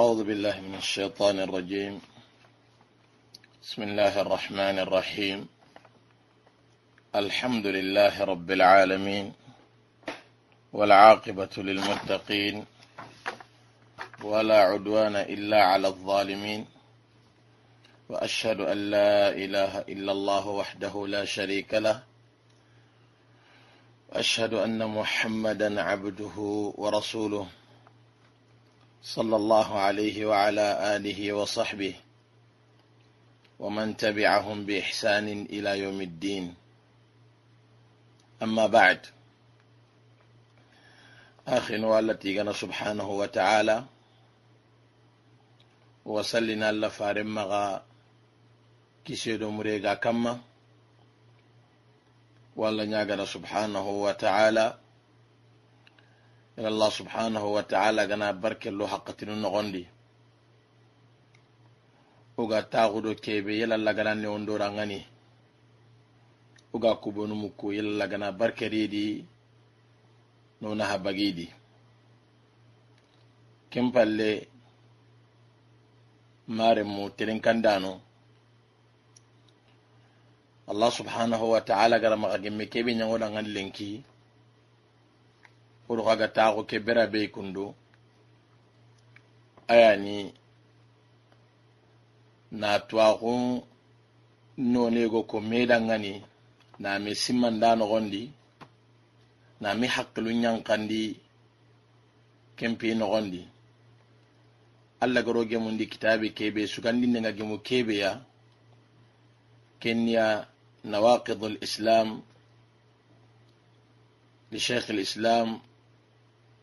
أعوذ بالله من الشيطان الرجيم بسم الله الرحمن الرحيم الحمد لله رب العالمين والعاقبة للمتقين ولا عدوان إلا على الظالمين وأشهد أن لا إله إلا الله وحده لا شريك له وأشهد أن محمدا عبده ورسوله صلى الله عليه وعلى آله وصحبه ومن تبعهم بإحسان إلى يوم الدين أما بعد أخي والتي جنا سبحانه وتعالى وسلنا فارمغا كسيد مريقا كما والله نياغنا سبحانه وتعالى in allah subhanahu wa taala gana barkello hakkatinu nogondi oga taxudo kebe yela lagananne on dorangani Uga kubonu mukko yala lagana barkeridi nonaha bagidi ken palle maremu telenkandano allah subhanahu wa taala gara maxa gemme kebe ñangoɗangan lenki kodo kaga taxo ke bera be kundu ayani na twaxun nonego ko medangani na mi simmanda noxondi na mi hakkilu ɲankandi kempi noxondi allah garo gemundi kitabe kebe sugandindenga gemu ya kenya nawaqidu islam لشيخ الإسلام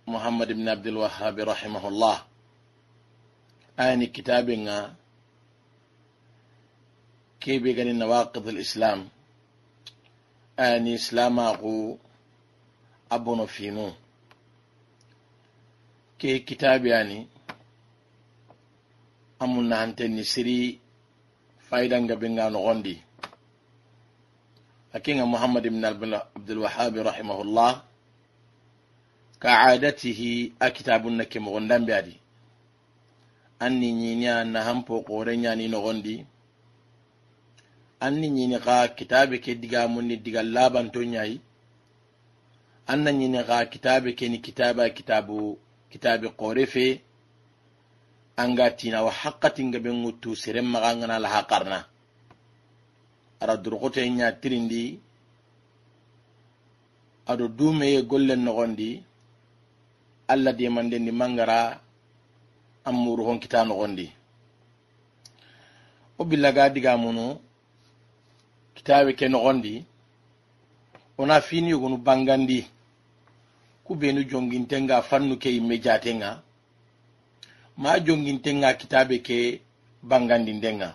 muhammad ibn abdulwahabi rahimahullah ayani kitabin ga kebe ganin nawaqid al-islam ayani islama ku abono finu ke kitabi yani amun na hantenni siri faidan gabin ga nogondi akinga muhammad ibn abdulwahabi rahimahullah ka adatihi a kitabun na ke mogondan biyadi an ni nyiniya na hanfo koren ya ni nogondi an ni nyini ka kitabe ke diga munni diga laban to nyai an na nyini ka kitabe ke ni kitaba kitabu kitabe kore fe an ga tina wa ga ben wutu siren magangana la haqarna ara durkoto nya tirindi ado dume ye no nogondi allah demandendi mangara an muru honkita nogondi wo billaga digamunu kitabe ke nogondi wona fini yogonu bangandi ku benu jongintenga fannu ke yimme jatenga ma jongintenga kitabe ke bangandindenga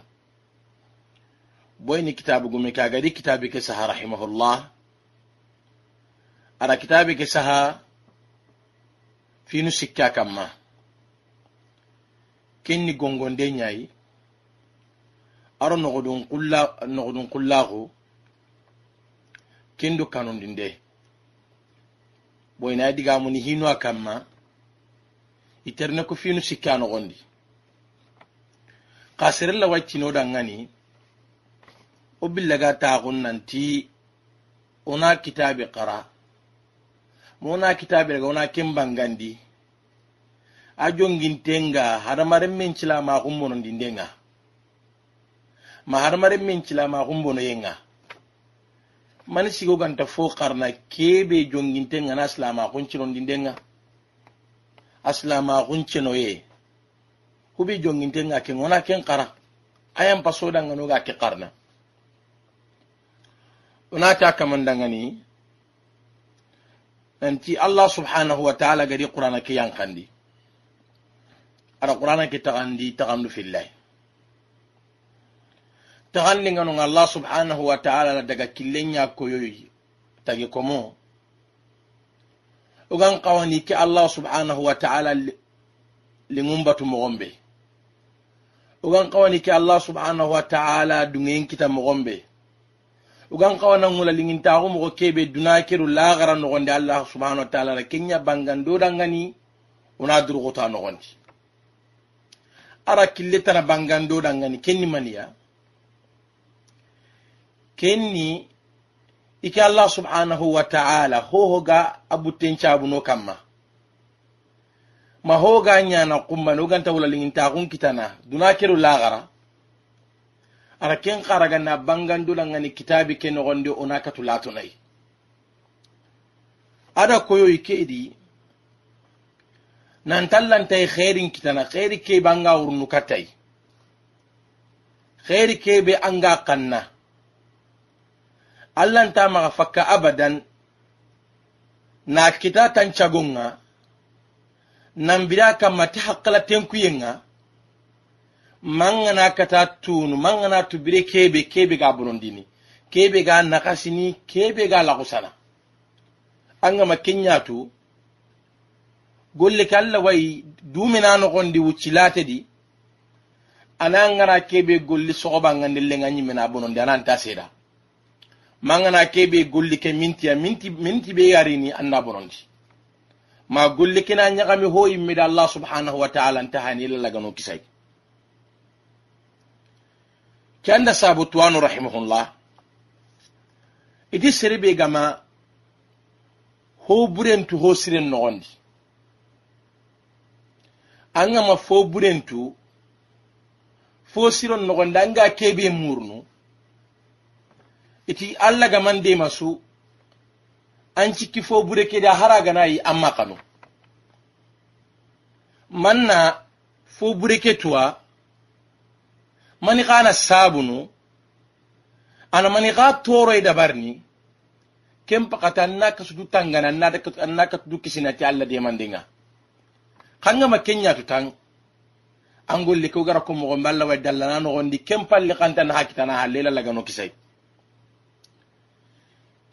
boyni kitabu gume kagadi kitabe ke saha rahimahullah ara kitabe ke saha finu sikka kamma kenni gongonde ñayi aro nogoɗum kullaku kendu kanundinde boyna digamuni hinu a kamma iterne ko finu sikki a nogondi ka serella waccinoɗan gani o billaga taxun nanti ona kitabe qara mona kitabe daga wona bangandi a jongin tenga hadamaren min cila ma humbono ndindenga ma hadamaren min cila ma kumbono yenga mani sigo ganta fo karna kebe tenga na silama kuncino ndindenga a silama kuncino ye hubi tenga ken wona ken kara ayan ga ke karna onata kamandangani nanti allah subhanahu wa taala gadi qur'ana ke yankandi ada qur'ana ke tagandi tagandu fillahi tagandi ngano allah subhanahu wa taala daga killenya koyoyi tagi komo ogan kawani ke allah subhanahu wa taala lingumbatu mogombe ogan kawani ke allah subhanahu wa taala dungen kita mogombe ugan kawana ngula linginta ko mo kebe duna kiru no gonde allah subhanahu wa ta'ala la kenya dangani una duru ko ta no ara kille tana bangando dangani kenni maniya kenni ike allah subhanahu wa ta'ala kamma ma kumma no ganta kitana ara ken karaga na bangandula ngani kitabi ke onaka tulato nai ada koyo ike idi nan tay e khairin kitana khairi ke banga urnu katai khairi ke be anga kanna allan ta ma fakka abadan na kita tan nan bidaka kamma ta hakkala tenkuyenga mangana kata tunu mangana tubire kebe kebe ga burundini kebe ga nakasini kebe ga lagusana an gama kenyatu golle ke allah wayi dumina nogondi wuccilate di ananga ngana kebe golli sogoba ngande lenga ñimmena bonondi ananta seeda seda, mangana kebe golli ke ya minti minti be yarini anna bonondi ma golli mi hoyi ho da allah subhanahu wa taala ntahani hani n'o kisai. kenda sabutuanu rahimahullah iti seribe gama ho burentu ho siren nogondi anga ma fo burentu fo siron nogondi anga kebe murnu iti alla gamande masu an cikki fo bure ke da hara gana yi amma kano manna fo bure mani kana sabunu ana mani ka toro dabarni kem pakata anna ka sudu tangana na da anna ka sudu kisina ti Allah de mandinga kanga ma kenya tu tang angol le ko gara ko mo gomballa wa dallana no gondi kem palli kanta na hakita na halela la gano kisai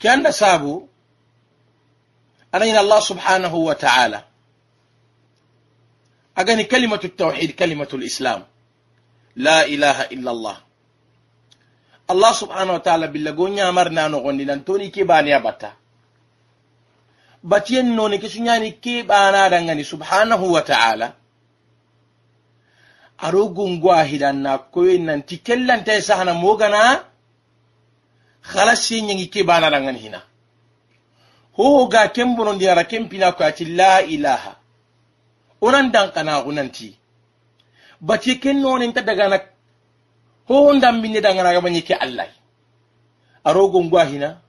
kyanda sabu ana ina allah subhanahu wa ta'ala أغني كلمة التوحيد كلمة الإسلام la ilaha illallah allah subhanahu wa taala billago no nanogondi nan toni ke bani abata batiyen noni ke bana dangani subhanahu wa taala aro gungo a nan koyen nanti kellantae sahana mogana ke bana dangani hina ho ga kembono kempina ko ati la ilaha onan dankanaku nanti bati ken daga nak ho ndambinne daganaga ñike allahy arogo ngwahina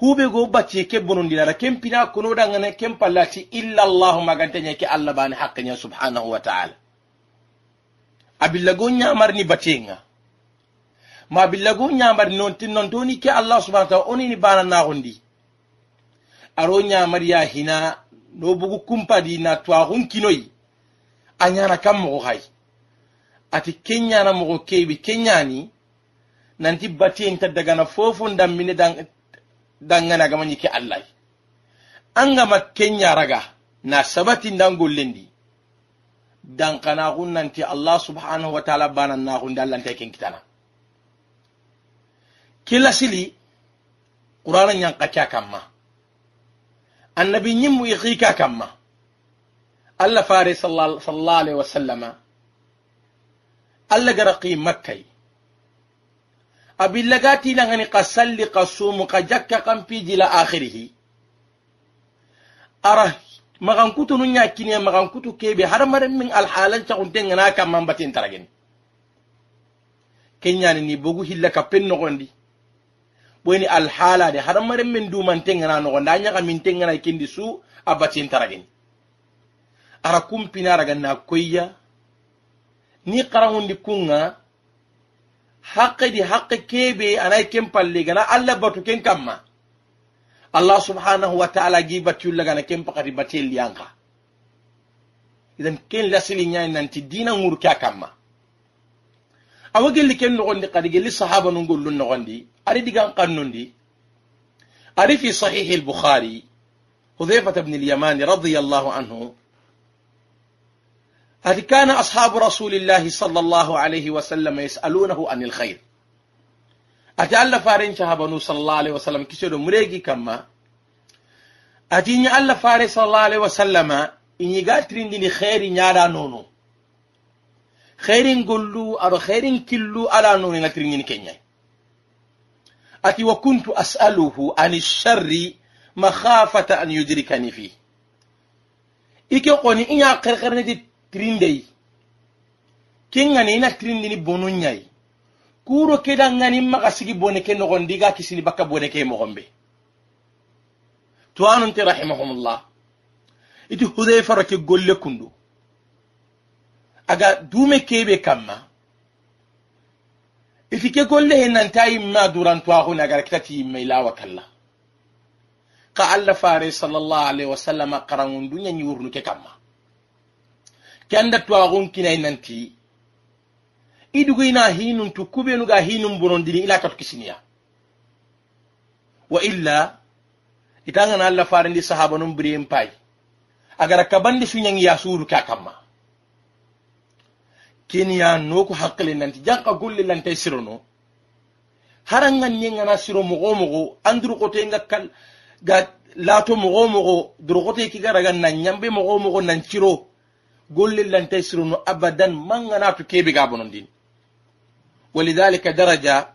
huɓe go bacce kebbonondirara kempina kono dagana ken pallati illa llahu maganta ke allah bani haqqeña subhanahu wa taala abilla go ñamarni nga. ma billa go ñamarni non non toni ke allah subhanahu wa taala na bananagondi aro ñamari ya hina no bugu kumpadi na twaxunkinoyi a ñana kam mo xay ati kenyana mogo kenya kenyani nanti batenta dagana fofon dammine Allah. An gama kenya raga na sabatindan di dankanaxun nanti allah subhanahu wa taala banannaxunde allanta ken kitana kilasili qur'ana ñanka ke a kanma annabi ñimmu ixi ka kanma allah fare sallallahu alaihi wasallama alla gara lagati abillagati gani ka salli ka sumu ka jakka la akhirihi ara ya magan kutu kebe har hadamaren min alhalan cagunte kan man batin taragin. Kenya ni bugu hilla ka pen di. ɓoyni alhala de hadamaren min dumante da nogondi ka min minte ngana ikindi su a batin tarageni ara na koyya ni karahundi kunga haqqe di haqqe kebe anay ken palle gana allah batu ken kamma allah subhanahu wa ta'ala gi batiyulla gana ken pakati batelli anka idan ken lasili ñayi nanti dina ŋuru ke a kamma awa gelli ken nogondi kadi gelli sahaba nu gollu nogondi ari digan kannundi ari fi sahihi lbukhari hudhaifata bni lyamani radiyallahu anhu أذ كان أصحاب رسول الله صلى الله عليه وسلم يسألونه عن الخير أتى فارين شهاب شهبانو صلى الله عليه وسلم كسر مريقي كما أتيني الله فارن صلى الله عليه وسلم إن قاترين دين خير نيارا نونو خير قلو أو خير كلو على نونو نترين دين كنيا أتي وكنت أسأله عن الشر مخافة أن يدركني فيه إيكي قوني إني أقرقرني tirindei kengani ina tirindini bonu ñayi kuro keda ngani maga sigi bone ke nogondi ga kisini baka bone ke mogombe tuwanunte rahimahumullah iti hudayfaro ke golle kundu aga dume kebe kamma iti ke golle he nanta yimma durantuwaxuna agara kitati yimma ilawa kalla ka allah fare sallallahu alaihi wasallam karangundunya nyurnu ke kamma kanda twaxun kinai nanti hinu dugoyina hinuntu nuga hinun mburondini ila kat kisiniya wa illa itangana alla farindi sahaba numbri mpai agara kabandi suñangi yasuru ka kini ya noku hakkile nanti janka gulli lante sirono harangan na siro mogo mogo kote inga kal ga lato mogo mogo durukote kigaraga nan ñambe mogo mogo nan ciro gollel lantay siruno abadan manganatu biga ga Wali zalika daraja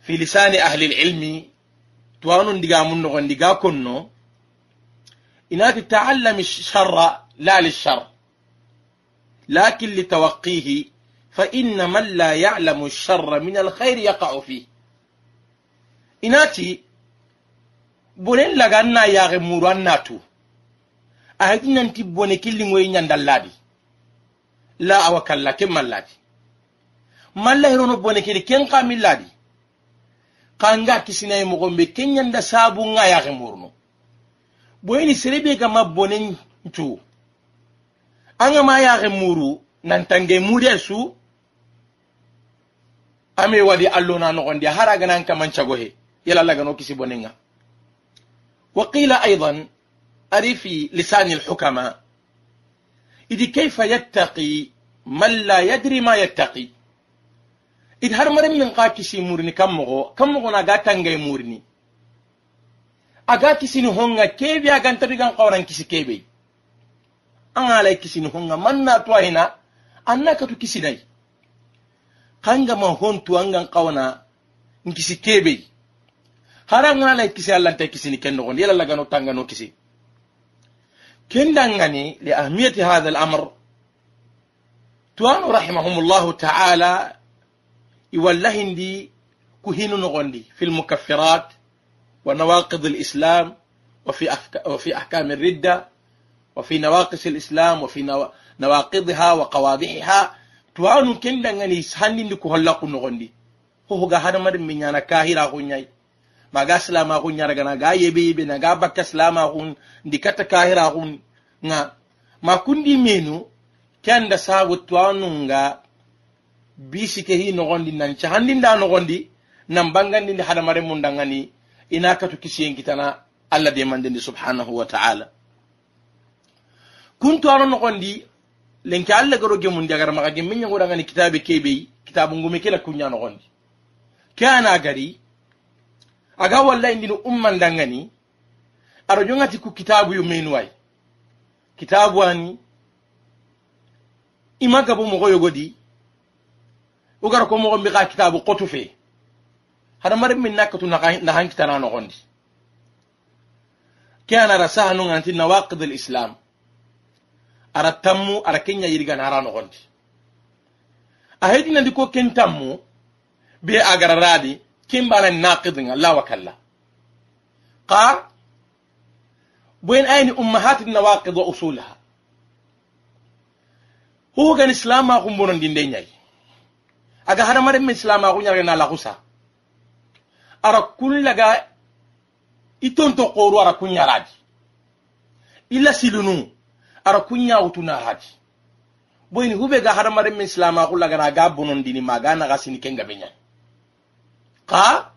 Filisani lisani ahli lilmi tuwanun diga mun nogon diga konno inati taallami sharra la shar. lakin litawaqihi fa inna man la yalamu sharra min alkhairi yaqau fih inati bonen laga an na yaxe natu ayati nanti bone killingoyi ñandallaadi la awa kalla ken mallaadi malla hirono bone kedi ken kamillaadi kanga kisinayi e mogonɓe ken ñanda saabunga yaxe murno boyini serebe gama bone ncu anga ma yaxe muru nantange muriya su ame wadi allo na nogondi haraga ganan kaman cagohe yala no kisi bonenga wa qila aidan الأقأر في لسان الحكماء إذ كيف يتقي من لا يدري ما يتقي إذ هر مرم من قاكسي مورني كم مغو كم مغو ناقا تنغي مورني أغا كسيني هونغا كيبي أغا انتبغان قوران كسي كيبي أنا لاي كسيني هونغا من ناتوا هنا أنا كتو كسي داي kanga ma hon tuwangan kawana nkisi kebe harangana la kisi Allah ta kisi ni kendo yala lagano tangano kisi كندنغني لأهمية هذا الأمر توان رحمهم الله تعالى دي كهين نغندي في المكفرات ونواقض الإسلام وفي وفي أحكام الردة وفي نواقص الإسلام وفي نواقضها وقواضحها توان كندنغني دي كهلاق نغندي هو هذا غهر مرمي نانا كاهرا غنياي maga silama hun gana ga yebe yebe na ga bakka silama hun di kata kahira hun nga ma kundi menu kenda sagu bisi ke hi nogondi nan cahandi nda nogondi nan bangandi ndi hadamare mun dangani ina kisi kisiyen kitana allah de mandindi subhanahu wa ta'ala kun twano nogondi lenke allah garo gemundi agar maga gemmin yangodangani kitabe kebeyi kitabu ngumi kila kunya nogondi kana gari aga wallahi ndino umman dangani aɗo jongati ku kitabu yo menu ay kitabu ani imaga bo mogo yogodi ugara ko mogo mbiga kitabu qotu fe hada mari min nakatu nahan kitana nogondi ke anara sahanu ganti nawaqid islam. ara tammu ara kenya yirigana ara nogondi a hedinandi ko ken tammu be agararadi kin ba nan naqidin Allah wa kalla ka bayan ayin ummahatin nawaqid wa usulaha hu ga islam ma kun bonon dinde nyai aga har mare islam ma kun na la husa ara kullaga iton to qoru ara kun yaraji illa silunu ara kun yawtuna haji bayan hu ga har mare islam ma kullaga na ga bonon ga na ga sini kenga ka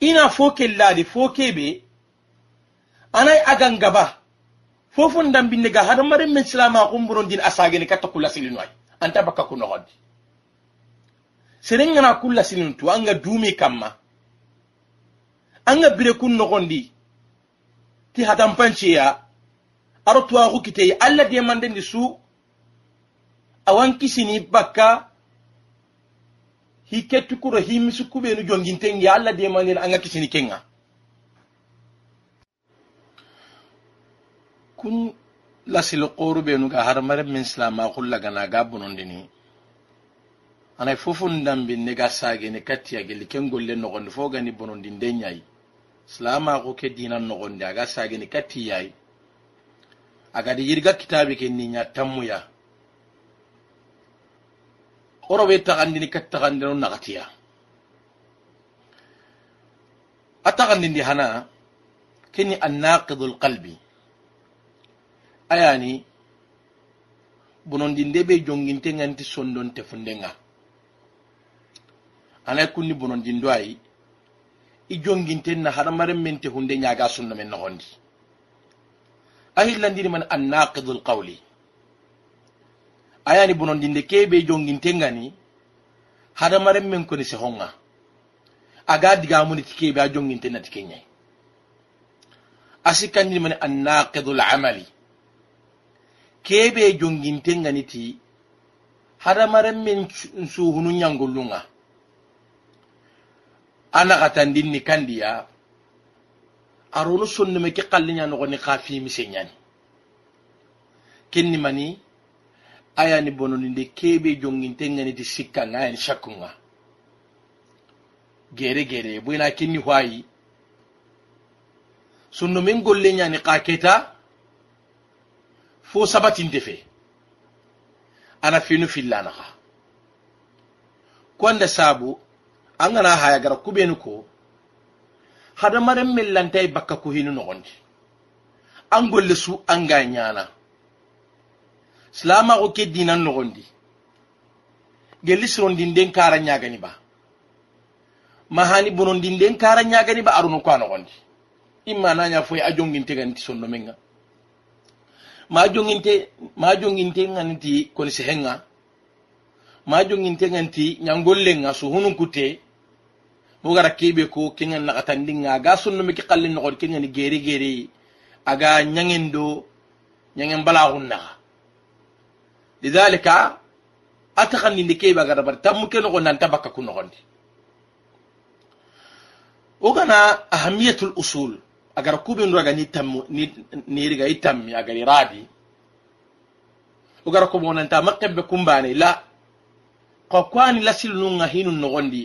ina foke ladi foke be anai agan gaba fofun dambinde ga hadamaren men silama kumburondin asagene katta kulla an ay anta bakka ku nogondi ngana kula silin tu anga dumi kamma anga bire kun gondi ti hadanpanceya aro alla de mande ni su awan kisini baka. hi kettukuro himmi sukkuɓenu jongintengi allah demanin a gakkisini kenga kun lasil qoruɓenuga har mare min silamakul lagana gabunondini anayi fofun dambinne ga sagene kattiyageli ken golle nogondi fo gani bonondi ndeyayi silamaku ke dinan nogondi aga sageni kattiyayi agadi yirga kitabe ke niya tammuya orobe taxandini kat taxandino naxatiya a taxandindi hana keni annaqidu lqalbi ayani bonondinde be jongintenga nti sondon tefundenga anay kunni bonondindo ayi i jonginten na hadamaren men tehunde ñaga sunno men noxondi a hillandini man annaqidu lqawli ayani jongin tengani hada hadamaren men se honga aga tenna tike nyai asikan ni keñayi an naqidul amali kebe jongin tengani ti hadamaren men ana katan anaxatandinni kandiya aronu sonnume ke qalliña nogoni xa fimise nyani. kenni mani ayani de kebe nga sikkanga ayani shakunga gere gere boyna kinni hoayi sunno min golle ñani ka keta fo sabati ndefe ana finu fillanaha ko anda sabu an gana hayagara kuɓenu ko hadamaren mellantay bakka ko hinu nogondi an golle su an ga silamaxo ke dinan noxondi gelli sirondindin kara ñagani ba mahani bonondindin kara ñagani ba aruno ko a noxondi imma naña foyi a jonginte ganiti sonno nga ma jonginte ma jonginte ganiti koni sehenga ma jonginte ganti ñangollenga suhunun kutte bogara kebe ko kengan nakatandinga aga sonno me ke kallen noxondi kengani geri geri aga ñangen do ñangen balaxun naxa lidhalika ataxannindi keɓagata bari tammu ke noxondi anta bakka ku noxondi ugana gana ahamiyatul usul agara kuɓenuraga ni tammu niriga i tammi agari raadi wo gara komonanta ma xembe kumbane la xa kuani lasilnunga hinu noxondi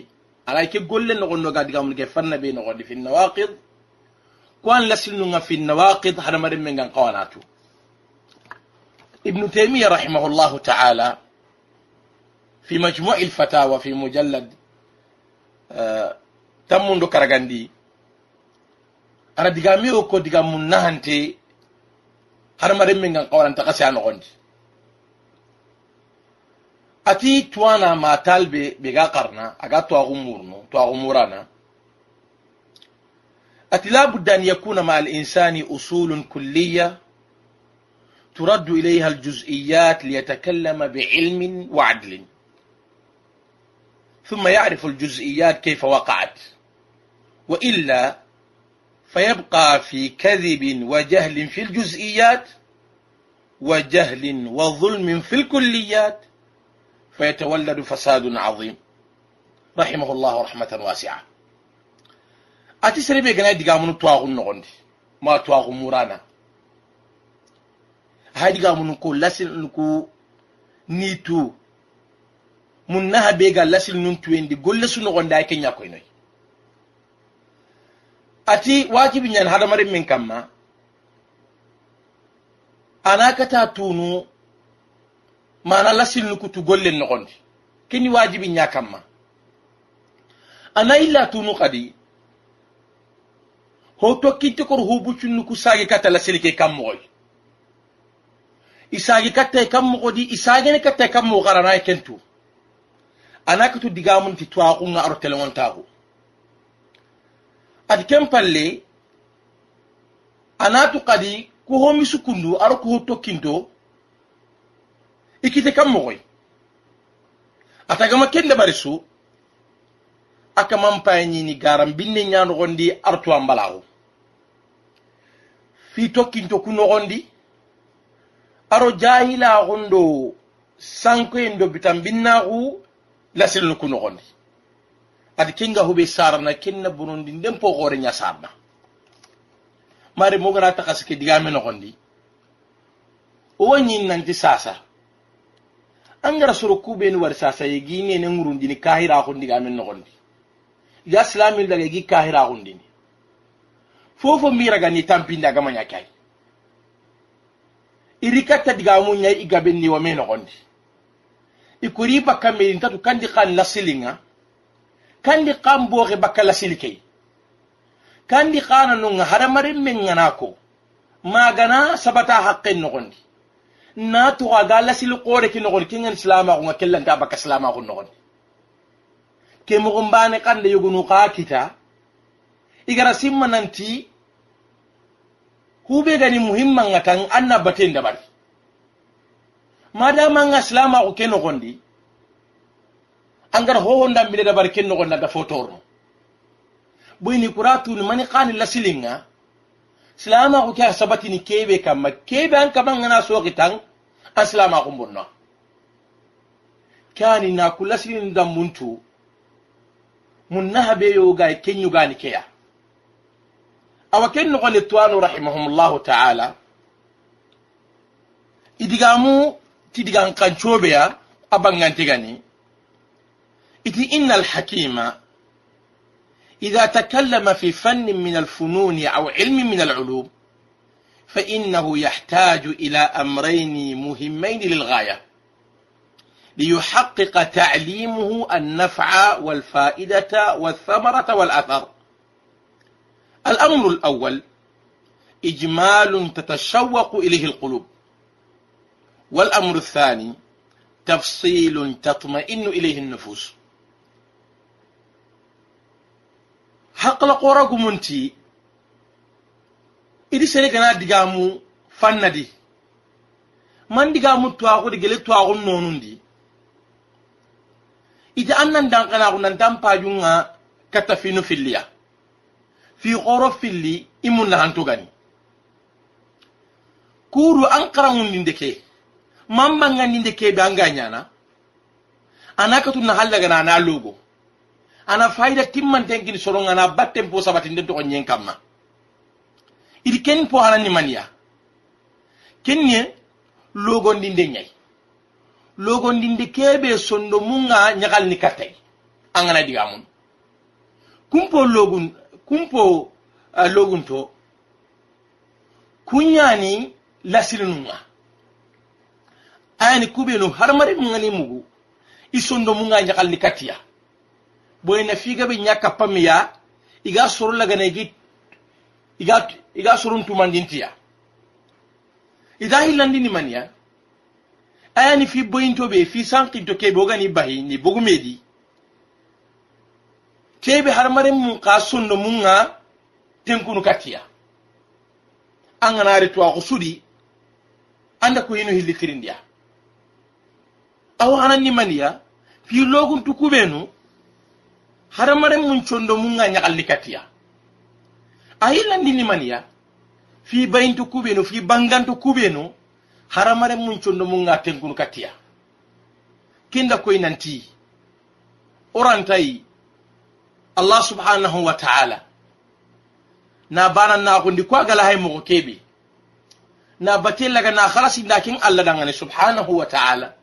agay ke golle noxondoga digamun ke fanna be noxondi fi nawaqid kuani lasilnunga fi nawaqid hadamaren men gan xawanatu ابن تيمية رحمه الله تعالى في مجموع الفتاوى في مجلد آه، تمون دو كارغاندي انا ديغا ميو كو ديغا مون نانتي هر مريم من قوران تقسي انا غوند اتي توانا ما تالبي بيغا قرنا اغا توا غومورنو اتي لابد ان يكون مع الانسان اصول كليه ترد إليها الجزئيات ليتكلم بعلم وعدل ثم يعرف الجزئيات كيف وقعت وإلا فيبقى في كذب وجهل في الجزئيات وجهل وظلم في الكليات فيتولد فساد عظيم رحمه الله رحمة واسعة أتسري بيقنا ديغامون تواغون نغندي ما تواغون مورانا hadiga mun ko lasin ko ni tu mun na habe ga lasil nun tuwendi golle su nogon da kenya koy noy ati wajibi nyan hadamarin min kamma anakata tunu mana lasin nuku tu golle nogondi kini wajibi nya kamma ana illa tunu kadi ho tokkintikor hubucunnuku sage kata lasilike kammogoy isagi katta kam mo godi isagi ne katta kam mo garana kentu anaka tu mun ti tuwa kunga aro telewon taku ad ken palle anatu kadi ku ho misu kundu aro ku ho tokkinto ikite kam ataga ma kende bari su aka man ni garan binne gondi ar tuwan balago fi tokkinto ku nogondi aro jahilaxun do sankoyen do bitan binnaxu lasilun ku gondi ad kinga hubi sarna kinna bonondi nden po nya sarna mari gara takas ke digame noxondi owa ñin nanti sasa angara soro ni wari sasa yegi nene ŋurundini no gondi ya islamil daga yegi kahiraxundini fofo miragani tampindi agamaña kai iri katta diga ñayi i igaben niwa wame nogondi i kori ba kamirin tatu kandi kan lasilinga kandi kan booxe bakka lasili key kandi kana nunga hadamaren men ko magana sabata haqqen nogondi na tuxa ga lasili qore ki nogondi ke ngani silamaxunga kellanta bakka silamaxun nogondi ke moxon mbane xande yogonu xa kita igara simma nanti ku kube gani muhimman ga tan anna baten da bari madama nga islama ku ken gondi angar ho wonda mi da bari ke gonda da fotorno ni kuratu ni mani qani la silinga islama ko kya sabati ni kebe kamma kebe an kaman na so kitan aslama ku bonno kani na kula silin da muntu munna habe yo ga kenyu ga ni keya awakenno goni twanu rahimahumullahu taala idigamu tidigan kancoɓeya a iti inna alhakima إذا تكلم في فن من الفنون أو علم من العلوم فإنه يحتاج إلى أمرين مهمين للغاية ليحقق تعليمه النفع والفائدة والثمرة والأثر الأمر الأول إجمال تتشوق إليه القلوب والأمر الثاني تفصيل تطمئن إليه النفوس حقل قرق منتي إذا سنكنا دقامو فندي man diga mu twaxu de gele twaxu دي إذا an nan dankanaxu nan tan pajunga katafinu filliya fi fili imun lahantugani kuru an karanundinde ke mambangandinde keɓe an gañana ana katunna hallagana ana logo ana fayida timmantenkini soron ana batten po sabatinden togon ñen kamma idi ken po hanani maniya kennie logondinde ñayi logondinde keɓe sondo munga ñagalni kattayi an gana diga mun kumpo logun kumpo uh, eh, logum to kunyani lasilinunga ayani kubenu harmari mungani mugu isondo munga nyakalni katiya fi gabe nyaka pamiya iga soro lagana igi iga iga surun tumandintiya ida ni maniya ayani fi be fi sankinto ke bogani bahi ni bogumedi kebe harmaren mun ka sondo mun ga tenkunu katiya an gana ganari tuwa ku sudi anda ko yinu hilli kirindiya awa hanan ni maniya fi logun tukubenu harmaren mun condo mun ga nyakalli katiya ahilandi ni maniya fi bayintu kubenu fi bangantu kubenu haramaren mun condo mun ga tenkunu katiya kinda koy nanti orantayi allah subhanahu wa ta'ala na banan nakundi ko agala hay mogo keɓe na bate laga na harasinda ken allah gani subhanahu wa ta'ala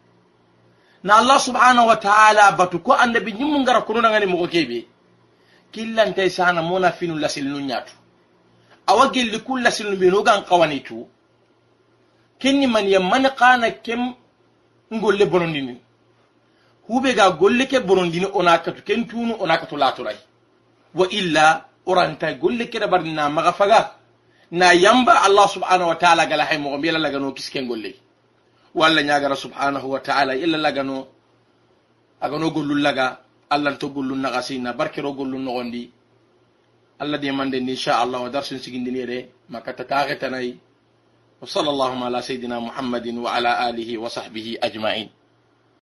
na allah subhanahu wa ta'ala batu ko annabi ñimmu ngara kono dangane killan ta isa na mona finu lasilinu ñatu awa gelli ku lasilinu ɓe nogan kawani tu ni man ye man kana kem ngolle bonondinin hube ga golle ke borondini ona kentunu ken tunu ona katu wa illa uranta golle da ɓarni na maga faga na yamba allah subhanahu wa taala gala hay mogo mbiyala lagano kisken golle walla ñagara subhanahu wa taala illa lagano agano gollu laga allah to gollun na sinna barkero no gondi allah mande demanden inchallah o darsun sigindini ede makkata taxetanayi wa sall allahuma ala seydina muhammadin wa ala alihi wa sahbihi ajmain